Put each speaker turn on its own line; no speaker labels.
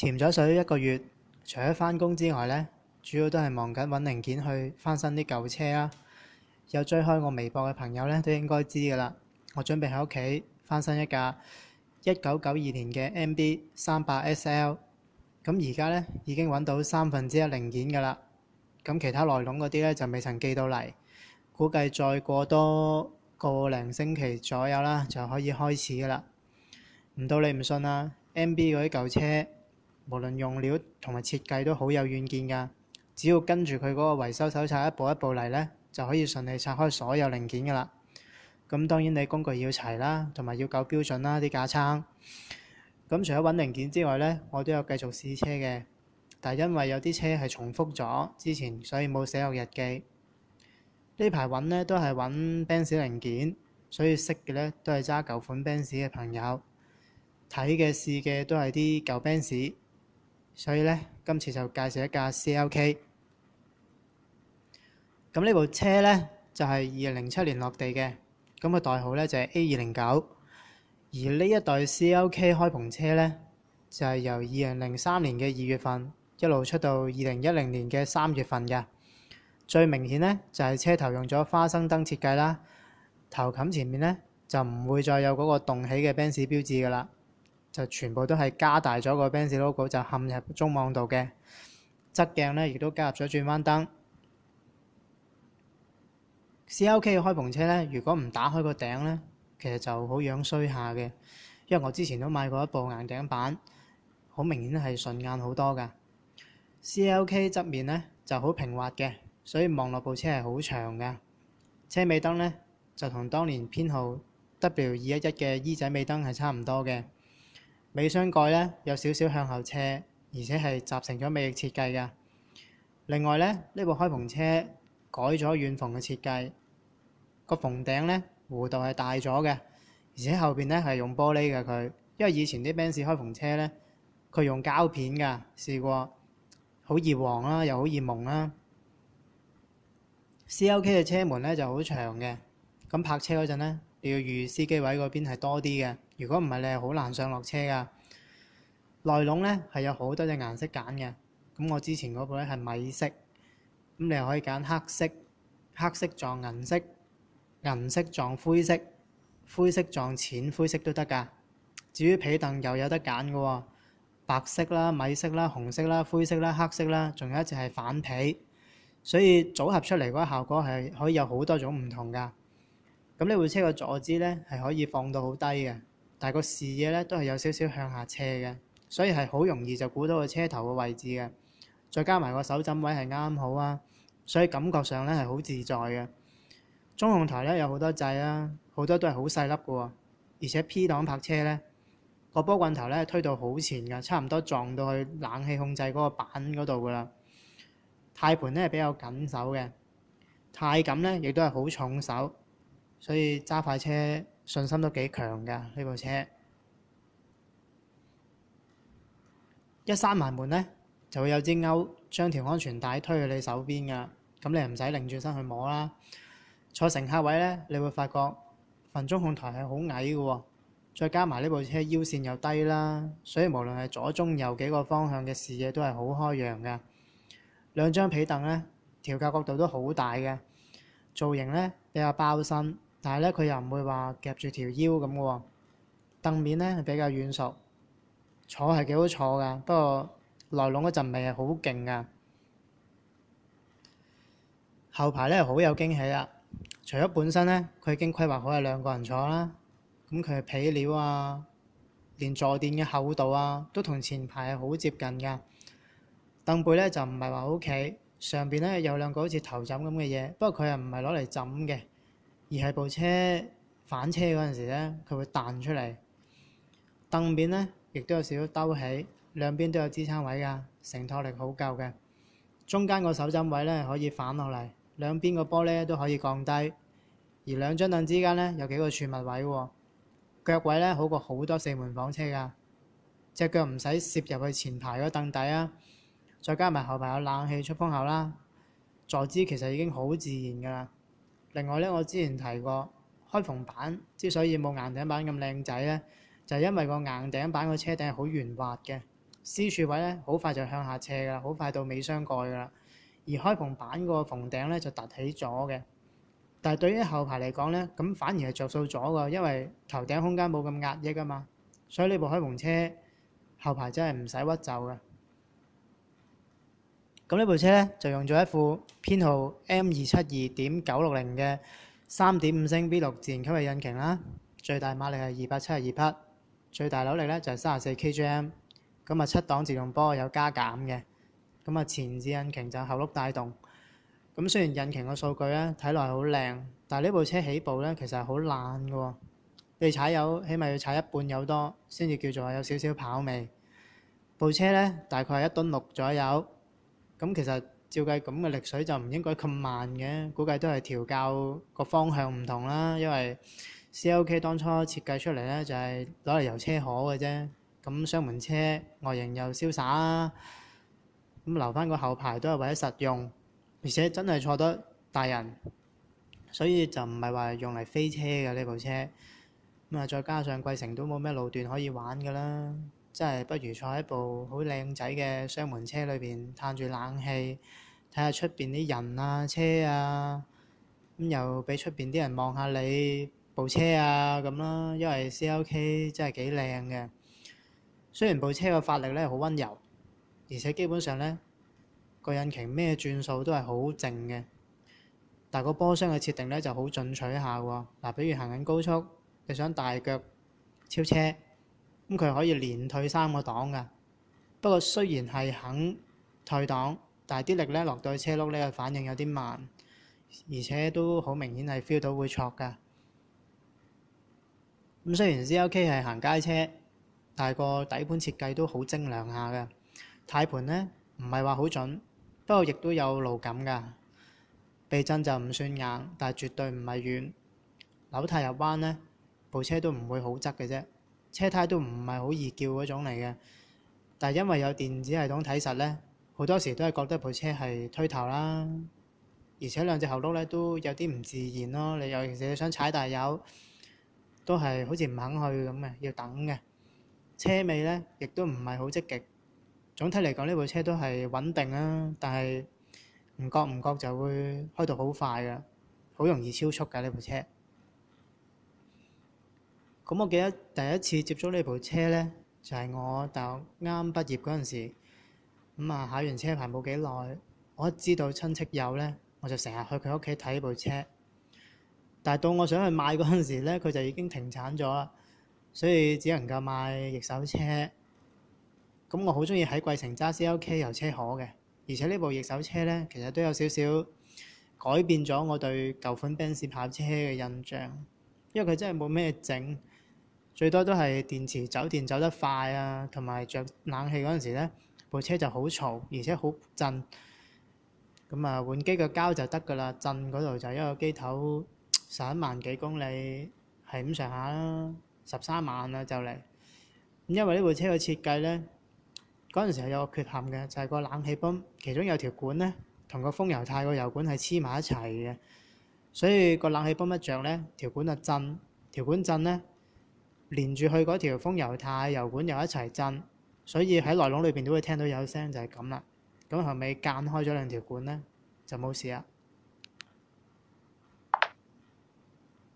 潛咗水一個月，除咗返工之外呢，主要都係忙緊揾零件去翻新啲舊車啦、啊。有追開我微博嘅朋友呢，都應該知噶啦。我準備喺屋企翻新一架一九九二年嘅 M B 三百 S L。咁而家呢，已經揾到三分之一零件噶啦，咁其他內容嗰啲呢，就未曾寄到嚟，估計再過多個零星期左右啦，就可以開始噶啦。唔到你唔信啦，M B 嗰啲舊車。無論用料同埋設計都好有遠見㗎。只要跟住佢嗰個維修手冊一步一步嚟呢，就可以順利拆開所有零件㗎啦。咁當然你工具要齊啦，同埋要夠標準啦啲架撐。咁除咗揾零件之外呢，我都有繼續試車嘅。但係因為有啲車係重複咗之前，所以冇寫入日記。呢排揾呢都係揾 Benz 零件，所以識嘅呢都係揸舊款 Benz 嘅朋友睇嘅試嘅都係啲舊 Benz。所以咧，今次就介紹一架 CLK。咁呢部車咧就係二零零七年落地嘅，咁、那個代號咧就係 A 二零九。而呢一代 CLK 開篷車咧就係、是、由二零零三年嘅二月份一路出到二零一零年嘅三月份嘅。最明顯咧就係、是、車頭用咗花生燈設計啦，頭冚前面咧就唔會再有嗰個戙起嘅 Benz 標誌噶啦。就全部都係加大咗個 Benz logo，就嵌入中網度嘅側鏡咧，亦都加入咗轉彎燈。CLK 開篷車咧，如果唔打開個頂咧，其實就好樣衰下嘅，因為我之前都買過一部硬頂版，好明顯係順眼好多㗎。CLK 側面咧就好平滑嘅，所以望落部車係好長㗎。車尾燈咧就同當年編號 W211 嘅 E 仔尾燈係差唔多嘅。尾箱蓋咧有少少向後斜，而且係集成咗尾翼設計嘅。另外咧，呢部開篷車改咗軟篷嘅設計，這個篷頂咧弧度係大咗嘅，而且後邊咧係用玻璃嘅，佢因為以前啲 Benz 開篷車咧佢用膠片㗎，試過好易黃啦、啊，又好易蒙啦、啊。CLK 嘅車門咧就好長嘅，咁泊車嗰陣咧你要預司機位嗰邊係多啲嘅。如果唔係，你係好難上落車㗎。內籠咧係有好多隻顏色揀嘅，咁我之前嗰部咧係米色，咁你又可以揀黑色、黑色撞銀色、銀色撞灰色、灰色撞淺灰色都得㗎。至於皮凳又有得揀嘅喎，白色啦、米色啦、紅色啦、灰色啦、黑色啦，仲有一隻係反皮，所以組合出嚟嗰個效果係可以有好多種唔同㗎。咁呢部車嘅坐姿咧係可以放到好低嘅。但係個視野咧都係有少少向下斜嘅，所以係好容易就估到個車頭嘅位置嘅。再加埋個手枕位係啱啱好啊，所以感覺上咧係好自在嘅。中控台咧有好多掣啦，好多都係好細粒嘅喎。而且 P 檔泊車咧，個波棍頭咧推到好前㗎，差唔多撞到去冷氣控制嗰個板嗰度㗎啦。軚盤咧係比較緊手嘅，軚感咧亦都係好重手，所以揸快車，信心都幾強㗎呢部車，一閂埋門呢，就會有支鈎將條安全帶推去你手邊㗎，咁你唔使擰轉身去摸啦。坐乘客位呢，你會發覺份中控台係好矮嘅喎，哦，再加埋呢部車腰線又低啦，所以無論係左、中、右幾個方向嘅視野都係好開揚嘅。兩張皮凳呢，調校角度都好大嘅，造型呢，比較包身。但係咧，佢又唔會話夾住條腰咁嘅喎。凳面咧係比較軟熟，坐係幾好坐㗎。不過內籠嗰陣味係好勁㗎。後排咧好有驚喜啊！除咗本身咧，佢已經規劃好係兩個人坐啦。咁佢嘅被料啊，連坐墊嘅厚度啊，都同前排係好接近㗎。凳背咧就唔係話好企，上邊咧有兩個好似頭枕咁嘅嘢，不過佢又唔係攞嚟枕嘅。而係部車反車嗰陣時咧，佢會彈出嚟。凳面咧，亦都有少少兜起，兩邊都有支撐位㗎，承托力好夠嘅。中間個手枕位咧，可以反落嚟，兩邊個玻璃都可以降低。而兩張凳之間咧有幾個儲物位喎。腳位咧好過好多四門房車㗎，隻腳唔使攝入去前排個凳底啊。再加埋後排有冷氣出風口啦，坐姿其實已經好自然㗎啦。另外咧，我之前提過，開篷版之所以冇硬頂版咁靚仔咧，就係因為個硬頂版個車頂好圓滑嘅，C 柱位咧好快就向下斜噶啦，好快到尾箱蓋噶啦。而開篷版個篷頂咧就凸起咗嘅，但係對於後排嚟講咧，咁反而係着數咗噶，因為頭頂空間冇咁壓抑噶嘛。所以呢部開篷車後排真係唔使屈就噶。咁呢部車咧就用咗一副編號 M 二七二點九六零嘅三點五升 V 六自然吸氣引擎啦，最大馬力係二百七十二匹，最大扭力咧就係三十四 k g m。咁啊七檔自動波有加減嘅，咁啊前置引擎就後轆帶動。咁雖然引擎個數據咧睇落係好靚，但係呢部車起步咧其實係好懶嘅喎，你踩油起碼要踩一半有多先至叫做有少少跑味。部車咧大概係一噸六左右。咁其實照計咁嘅力水就唔應該咁慢嘅，估計都係調校個方向唔同啦。因為 CLK 當初設計出嚟咧，就係攞嚟遊車河嘅啫。咁雙門車外形又瀟灑，咁留翻個後排都係為咗實用，而且真係坐得大人，所以就唔係話用嚟飛車嘅呢部車。咁啊，再加上桂城都冇咩路段可以玩㗎啦。真係不如坐喺部好靚仔嘅雙門車裏邊，嘆住冷氣，睇下出邊啲人啊、車啊，咁又俾出邊啲人望下你部車啊咁啦。因為 CLK 真係幾靚嘅，雖然部車嘅發力咧好溫柔，而且基本上咧個引擎咩轉數都係好靜嘅，但係個波箱嘅設定咧就好進取下喎。嗱，比如行緊高速，你想大腳超車。咁佢可以連退三個檔嘅，不過雖然係肯退檔，但係啲力咧落到去車轆呢反應有啲慢，而且都好明顯係 feel 到會挫噶。咁雖然 CLK 係行街車，但係個底盤設計都好精良下嘅，軚盤呢唔係話好準，不過亦都有路感㗎。避震就唔算硬，但係絕對唔係軟。扭軚入彎呢，部車都唔會好側嘅啫。車胎都唔係好易叫嗰種嚟嘅，但係因為有電子系統睇實呢，好多時都係覺得部車係推頭啦，而且兩隻後轆呢都有啲唔自然咯。你尤其是想踩大油，都係好似唔肯去咁嘅，要等嘅。車尾呢亦都唔係好積極，總體嚟講呢部車都係穩定啊，但係唔覺唔覺就會開到好快㗎，好容易超速㗎呢部車。咁我記得第一次接觸呢部車呢，就係、是、我大學啱畢業嗰陣時，咁、嗯、啊考完車牌冇幾耐，我一知道親戚有呢，我就成日去佢屋企睇部車。但係到我想去買嗰陣時咧，佢就已經停產咗，所以只能夠買二手車。咁、嗯、我好中意喺桂城揸 C L K 遊車河嘅，而且呢部二手車呢，其實都有少少改變咗我對舊款 Benz 跑車嘅印象，因為佢真係冇咩整。最多都係電池走電走得快啊，同埋着冷氣嗰陣時咧，部車就好嘈，而且好震。咁啊，換機個膠就得㗎啦。震嗰度就一個機頭十一萬幾公里，係咁上下啦，十三萬啦就嚟。因為呢部車嘅設計咧，嗰陣時係有個缺陷嘅，就係個冷氣泵其中有條管咧，同個風油軚個油管係黐埋一齊嘅，所以個冷氣泵一着咧，條管就震，條管震咧。連住去嗰條風油呔，油管又一齊震，所以喺內籠裏邊都會聽到有聲就，就係咁啦。咁後尾間開咗兩條管咧，就冇事啦。